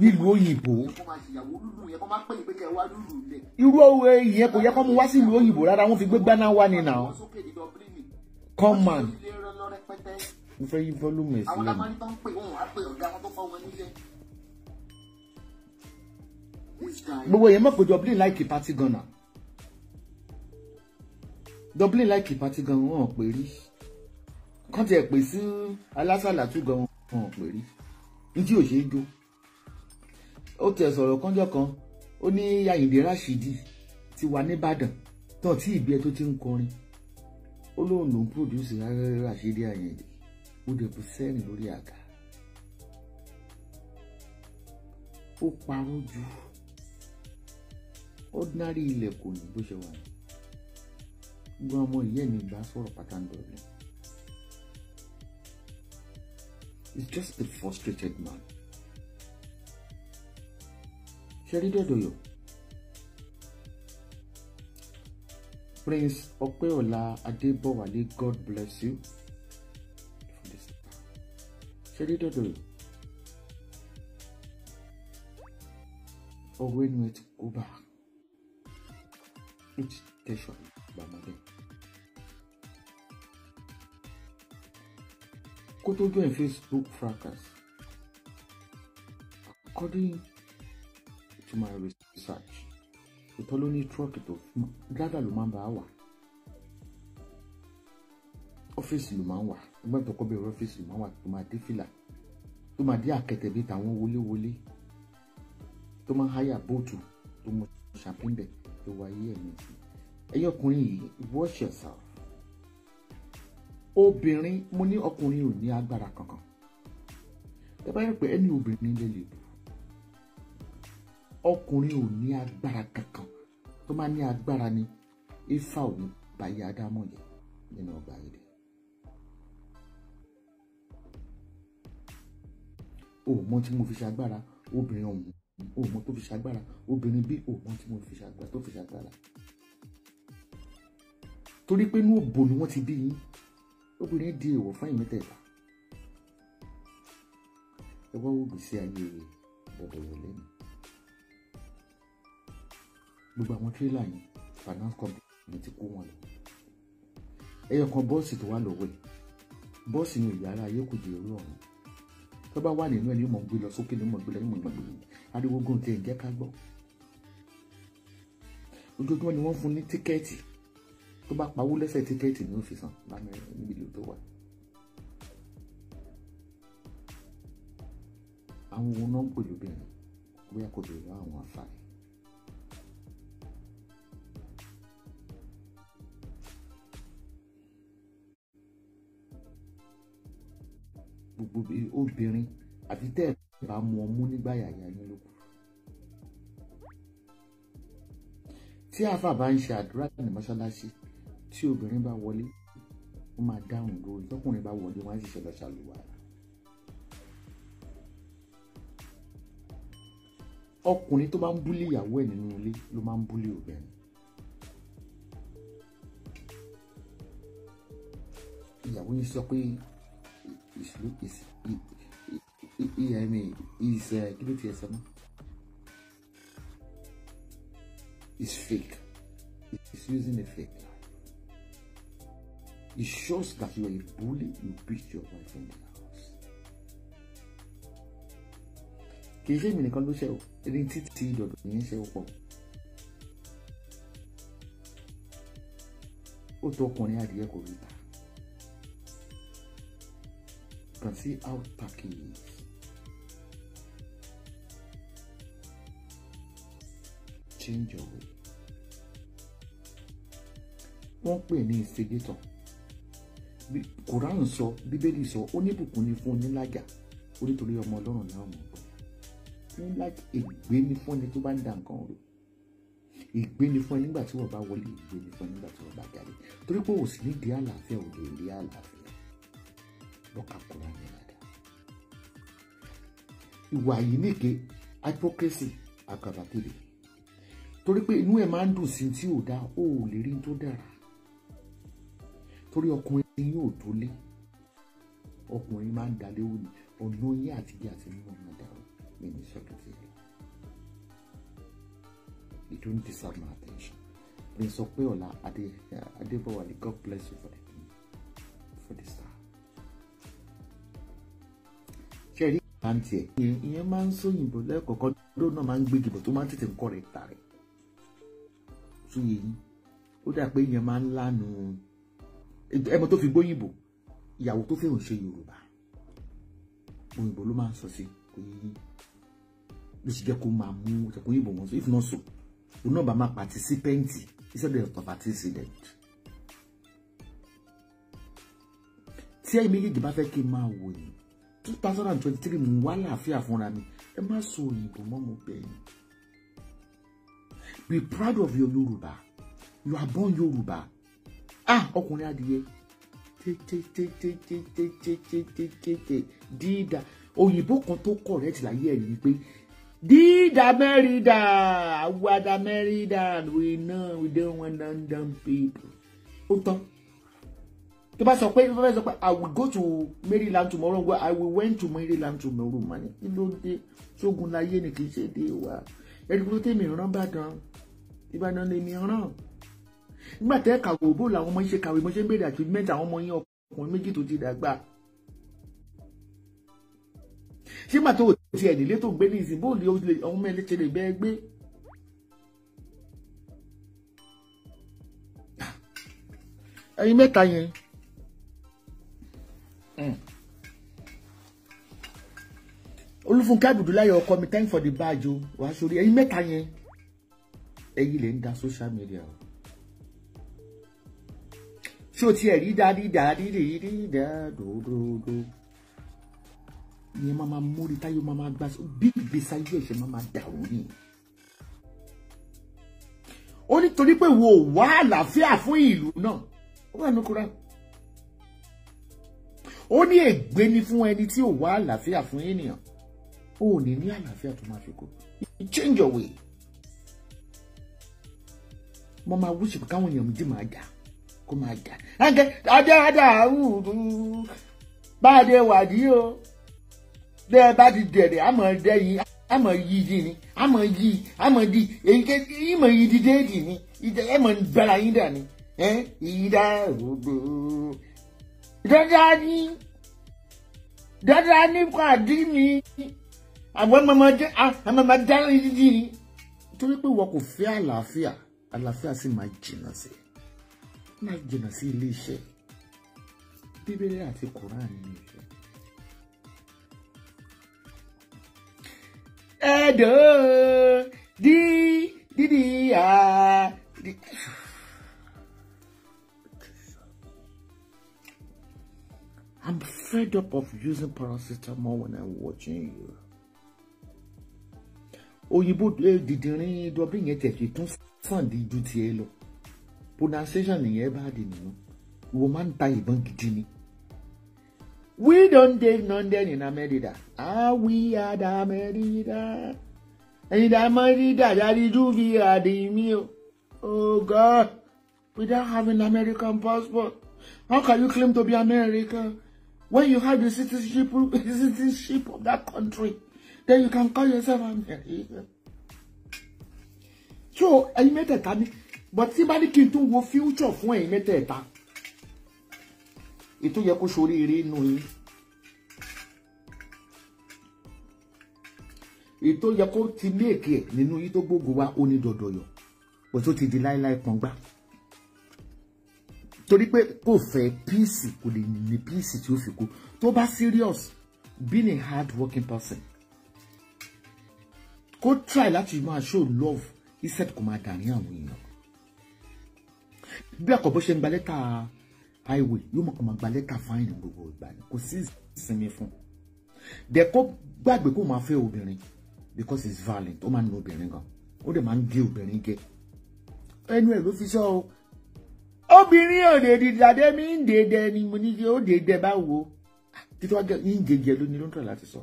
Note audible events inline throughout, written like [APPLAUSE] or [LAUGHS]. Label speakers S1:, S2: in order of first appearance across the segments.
S1: nílùú òyìnbó. irú òwe yẹn kò yẹ kó mu wá sí ìlú òyìnbó rárá wọ́n fi gbé gbaná wá ni náà. come man. mo fẹ́ yí volume ẹ̀ sílẹ̀. gbogbo yẹn mọ̀ pé Dublin like party gan na Dublin like party gan wọn ò pè rí kán tiẹ̀ pè sí alásàlà tún gan wọn ò pè rí o tí ò ṣeé jó ó tiẹ̀ sọ̀rọ̀ kánjọ́ kan ó ní Àyìndé Rashidi ti wà nìbàdàn tán tí ìbí ẹ tó ti ń kọrin ó lóun lo pòdúsì Rashidi Àyìndé ó dẹ̀ bù sẹ́rìn lórí àga ó parọ́ ju ordinary ilẹ̀ kò ní bó ṣe wà ní gbọ́n ọmọ ìyá mi bá sọ̀rọ̀ is just a frustrated man. Ṣẹ́rí Dódòyò Prince Ọpẹ́ọ̀lá Adébọ̀wálé God bless you. Ṣẹ́rí Dódòyò ọwọ́ ẹnu ẹ ti kú bá ó kó tó join Facebook fracas according to my research ìtọ́ ló ní trọ́ọ̀kì tó gádà ló máa ń bá a wà ọ́fíìsì ló máa ń wà ẹgbẹ́ tó kọ́ bẹ̀rẹ̀ ọ́fíìsì ló máa ń wà tó máa dé fìlà tó máa dé àkẹtẹ̀ bíi tàwọn wọléwọlé tó máa ń háyà bóòtù tó mọ ṣàpín bẹ̀ tó wáyé ẹ̀yìn ẹ̀yọkùnrin yìí watch yourself obìnrin mo ní ọkùnrin ò ní agbára kankan ẹ bá yẹ pé ẹni obìnrin lè lè bù ọkùnrin ò ní agbára kankan tó máa ní agbára ni ifá ò ní báyé ádámọ̀ yẹ nínú ọgbà èdè òmọ tí mo fi ṣagbára obìnrin ọ̀hún òmọ tó fi ṣagbára obìnrin bí òmọ tí mo fi ṣagbára tó fi ṣagbára torí pé inú òbò ni wọ́n ti bí yín obìnrin di èèwọ̀ fún ẹ̀yin mẹ́tẹ̀ẹ̀ta ẹ wá wo gbèsè ayé bọ̀bọ̀ wò lẹ́nu gbogbo àwọn tírélà yẹn finance company ni ti kó wọn lọ ẹyọ kan bọ́ọ̀sì tó wà lọ́wọ́ ẹ̀ bọ́ọ̀sì ni ìyára ayé kò dé orí ọ̀run tó bá wà nínú ẹ̀ ni mo gbé lọ sókè ni mo gbé lọ ni mo gbàgbé ariwo gòkè ǹjẹ́ ká gbọ́ ojoojúmọ́ ni wọ́n fún ní tíkẹ́ẹ̀tì tó bá pawó lẹ́sẹ̀ tíkẹ́ẹ̀tì ni ó fi san lámẹ́rin níbi ìlú tó wà. àwọn ohun náà ń pè lóbìnrin bóyá kò béèrè àwọn àǹfààní. gbogbo obìnrin àti tẹ́ ẹ̀ bá mu ọmú nígbà yàyà yín lóko. tí àáfàá bá ń ṣe àdúrà ní mọ́ṣáláṣí tí obìnrin bá wọlé ó máa dáhùn dúró tọkùnrin bá wọlé wọn á sì ṣẹlẹ̀ ṣàlùwàlá. ọkùnrin tó máa ń búlé ìyàwó ẹ̀ nínú ilé ló máa ń búlé obìnrin. ìyàwó yìí sọ pé ìṣòro ìyá mi ìṣe kí ló ti ẹsẹ mọ. It's fake. It's using a fake. It shows that you are a bully. You beat your wife in the house. kì í ṣe èmi nìkan ló ṣe o ẹni títí ìdọ̀dọ̀ yìí ń ṣe pọ̀ ó tó ọkùnrin adìyẹ kò rí ta you can see how tacky he change your way wọ́n pè ní instigator Quran sọ bíbélì sọ ó ní ìbùkún ni fún onílàjà ó nítorí ọmọ ọlọ́run náà mọ̀ ọ́ nílà ègbé ni fún ẹni tó bá ń da nǹkan rò ègbé ni fún ẹ nígbà tí wọ́n bá wọlé ègbé ni fún ẹ nígbà tí wọ́n bá jáde torí pé òsì ní di àlàáfíà òde ìdí àlàáfíà lọ́ka Quran yẹn dáadáa ìwà yìí nìke hypocrisy àgàbàtẹ́lẹ̀ torí pé inú ẹ̀ máa ń dùn sí tí ò dáa ó ò lè rí tó dára torí ọkùnrin tí yóò tó lé ọkùnrin máa ń dalé wù ní olóyè àti bí àti mímọ ọmọ dàrú mi ní sọtòtì rẹ you don't deserve my attention mi sọ pé ọ̀la adé adébọ̀wálé god bless you for the for the star ṣe rí àǹtí ẹ̀ ìyẹn máa ń sóyìnbó lẹ́ẹ̀kọ̀ọ̀kan lóun náà máa ń gbégi bọ̀ tó máa ń tètè ń kọ́ rẹ̀ tà rẹ̀ tún yìí ó dà pé ìyẹn máa ń lánàá ẹmọ tó fi gbóyìnbó ìyàwó tó fẹ́ ò ṣe yorùbá òyìnbó ló máa ń sọ sí kò yí ló sì jẹ́ kó máa mú ìtẹ̀kùn òyìnbó wọn if not so òun náà bá máa participant instead of participant. tí ẹ̀yin méjèèjì bá fẹ́ kí n máa wò yìí two thousand and twenty three mò ń wá láàfíà fúnra mi ẹ má sọ òyìnbó mọ́ mo bẹ̀ be proud of your yorùbá you are born yorùbá ah ọkùnrin adìyẹ tètètètètètètètètè dídà òyìnbó kan tó correct láyé ẹ̀ ni pé dídà mẹ́rìndà àwàdà mẹ́rìndà we know we don't want dumb dumb people ó tán tó bá sọ pé tó bá sọ pé i will go to maryland tomorrow i will went to maryland tomorrow mani kí ló dé sógun láyé ni kì í ṣe dé wa ẹni kúrò tèmi rán bàdàn ìbàdàn lèmi rán nígbà tẹ́ kàwé bó làwọn ọmọ yín ṣe kàwé mọ́ṣẹ́ béèrè achievement àwọn ọmọ yín ọkùnrin méjì tó ti dàgbà. ṣé màtó ti ẹ̀ nílé tó gbé ní ìsìn bó lè ọmọ ẹ̀ ṣe lè bẹ́ẹ̀ gbé. ẹyin mẹ́ta yẹn hmm. olúfúnkẹ́ àdùdúláyọ̀ ọkọ mi thank for the badge o wàá sórí ẹyin mẹ́ta yẹn ẹyin lè ń da social media o ṣó tiẹ̀ rí dáadídá dídìdídá dòdòdò ìyẹn máa máa mórí táyọ̀ máa máa gbà bí ìgbésí ayé ẹ̀ṣẹ̀ máa máa dàrú ni. ó ní torí pé wo wá àlàáfíà fún ìlú náà ó wà ní kúrẹ́ ó ní ègbé ni fún ẹni tí ò wá àlàáfíà fún ènìyàn ó ní ní àlàáfíà tó máa fi kú change your way mo máa wíṣìpù káwọn èèyàn méjì máa jà kó máa jà ẹnkẹ adé adé àwùrú bá a dé wàdí o bẹ ẹ bá ti dẹrẹ àmọ dẹ yìí àmọ yìí dì ní àmọ yìí àmọ dì èyí ké ìmọ yìí dìde dì ní ìdẹ ẹmọ bẹrẹ yín dà ní ẹ ìdá ògbó dọdá ní dọdá ní kó àdí mi àwọn ọmọdé ọmọdé dá yìí dì ní torí pé wọn kò fẹ́ àlàáfíà àlàáfíà sì máa jìnnà sí i láì jìnnà sí ilé iṣẹ́ bíbélì àti koran ní iṣẹ́. ẹ̀dọ́ dí dídí à dí. I'm fed up of using paracetamol when I'm watching you. Òyìnbó eh, dìdìrín dọ́bí yẹn tẹ̀ fi tún sàn díjú tiẹ̀ lọ pronunciation nìyẹn bá dì nínú wo máa ń ta ìbọn e oh, we don't dey london in america ah we are the america and the america that is who we are the meal oh god without having an american passport how can you claim to be american when you have the citizenship [LAUGHS] citizenship of that country then you can call yourself american so I ẹyin a ni but tí bá ní kí n tún wo future fún ẹ̀yin mẹ́tẹ̀ẹ̀ta ètò yẹ kó ṣoríire nù yín ètò yẹ kó ti lé èké ẹ̀ nínú yín tó gbógo wa ó ní dọ̀dọ̀yọ̀ pẹ̀ ti di láéláé pọngbà torí pé kò fẹ́ píìsì kò lè ní píìsì tí ó fi kú tó bá serious being a hard working person kó try láti máa show love iṣẹ́ kò máa dàrí àwọn èèyàn bí àkọ́bọ́ ṣe ń gba lẹ́tà highway yóò mọ̀ kó máa gba lẹ́tà fáìnì gbogbo ìgbà ni kò sí ìsinmi fún dẹ̀ kó gbàgbé kó máa fẹ́ obìnrin because it's violent ó máa ń lo obìnrin gan ó dẹ̀ máa ń gé obìnrin gé ẹnu ẹ̀ ló fi sọ o obìnrin òdèdè dàdé mi ń dèdè ni mo ní kí ó dèdè báwo ah, títọ́ yín gègé ló ní ló ń tọ̀ láti sọ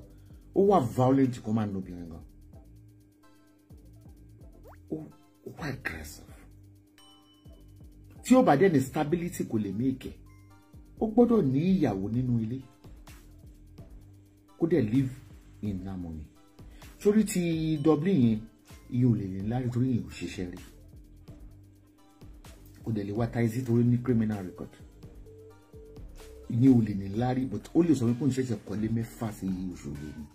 S1: ó wà violent kó máa lo obìnrin gan ó wà aggressive tí ó bá dẹ̀ ní stability kò lè mí ìkẹ́ e. ó gbọ́dọ̀ ní ìyàwó nínú ilé kó dẹ̀ live in namoni. torí ti Dublin yẹn iye ò lè ní lárí torí yẹn ò ṣiṣẹ́ rí kò dẹ̀ lè wá taizí torí ní criminal record ní o lè ní lárí but ó lè sọ wípé òun ṣẹ̀ṣẹ̀ kọ́lé mẹ́fà sí oṣù yìí ni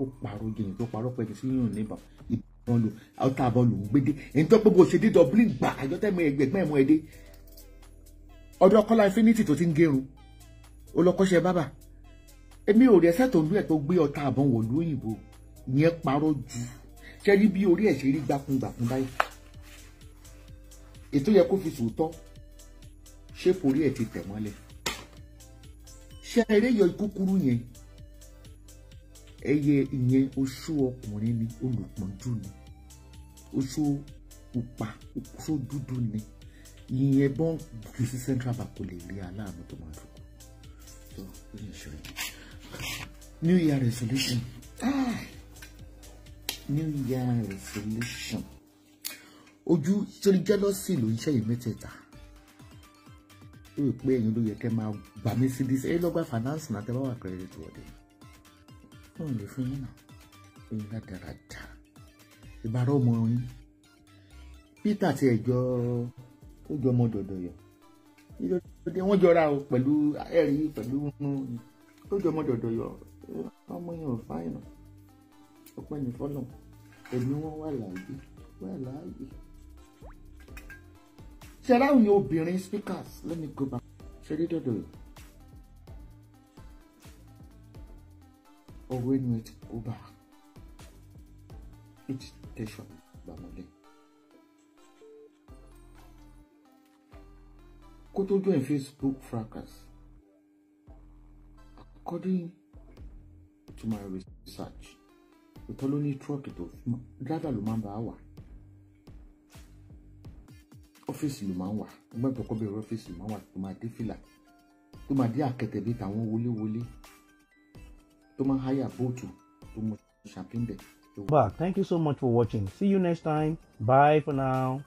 S1: ó parọ́ jẹyìn tó parọ́ pẹ̀lú sí yìnyín níbà bọ́ọ̀lù ọ̀tá bọ́ọ̀lù gbédé èyí tó gbogbo ṣe dé Dublin gbà àjọtẹ́mọ ẹgbẹ̀gbẹ́ ẹ̀mọ ẹ̀dẹ́ ọdún ọkọlá infinity tó ti ń gẹrun ó lọ kọ́ṣẹ́ bábà èmi ò rí ẹsẹ̀ tó ń lú ẹ̀ tó gbé ọ̀tá àbọ̀n wọ̀ lóyìnbó yẹn parọ́ ju ṣe rí bí orí ẹ̀ ṣe rí gbàkungbàkun báyìí ètò yẹ kó fi sòótọ́ ṣépò orí ẹ̀ ti tẹ̀ mọ́lẹ̀ ṣe eré yọ kúkúrú yẹn ẹyẹ ìyẹn oṣù ọkùnrin ni olùpọ̀jù ni oṣó pupa oṣó dúdú ni ìyẹn bọ́n jù central bank kò lè rí aláàánú tó máa dùn so ìyẹn ṣe new year resolution ah! new year resolution ojú sórí jealousy ló ń ṣẹ̀yìn mẹ́tẹ̀ẹ̀ta ó rò pé ẹ̀yin ló yẹ kẹ́ máa gbà mí sí dis ẹlọ́gbà finance náà tẹ́ bá wà credit wọ̀dẹ̀ wọn ò lè fún yín náà ẹ̀yin ládàradà ìbára ọmọ yín Peter ti ẹjọ ó jọ ọmọ dọdọyọ ìdọdẹ wọn jọra o pẹ̀lú ẹrí pẹ̀lú ó jọ ọmọ dọdọyọ ọmọ yẹn ò fáìnà ọpẹ́ ní fọlọ ẹ̀mí wọn wà láàyè wà láàyè ṣẹlá òyìn obìnrin speakers lẹ́nu ìgbọba ṣẹlẹ dọdọyọ. ọwọ́ ẹnu ẹ ti kó bá a each station gbàmọ́lẹ̀. kó tó join Facebook fracas according to my research òtọ́ ló ní tírọ́ọ̀kì tó fi dráìvà lumamba. máa ń bá wà ọ́fíìsì ló máa ń wà nígbà tó kọ́ bẹ̀rẹ̀ ọ́fíìsì ló máa ń wà tó máa dé fìlà champagne back. Thank you so much for watching. See you next time. Bye for now.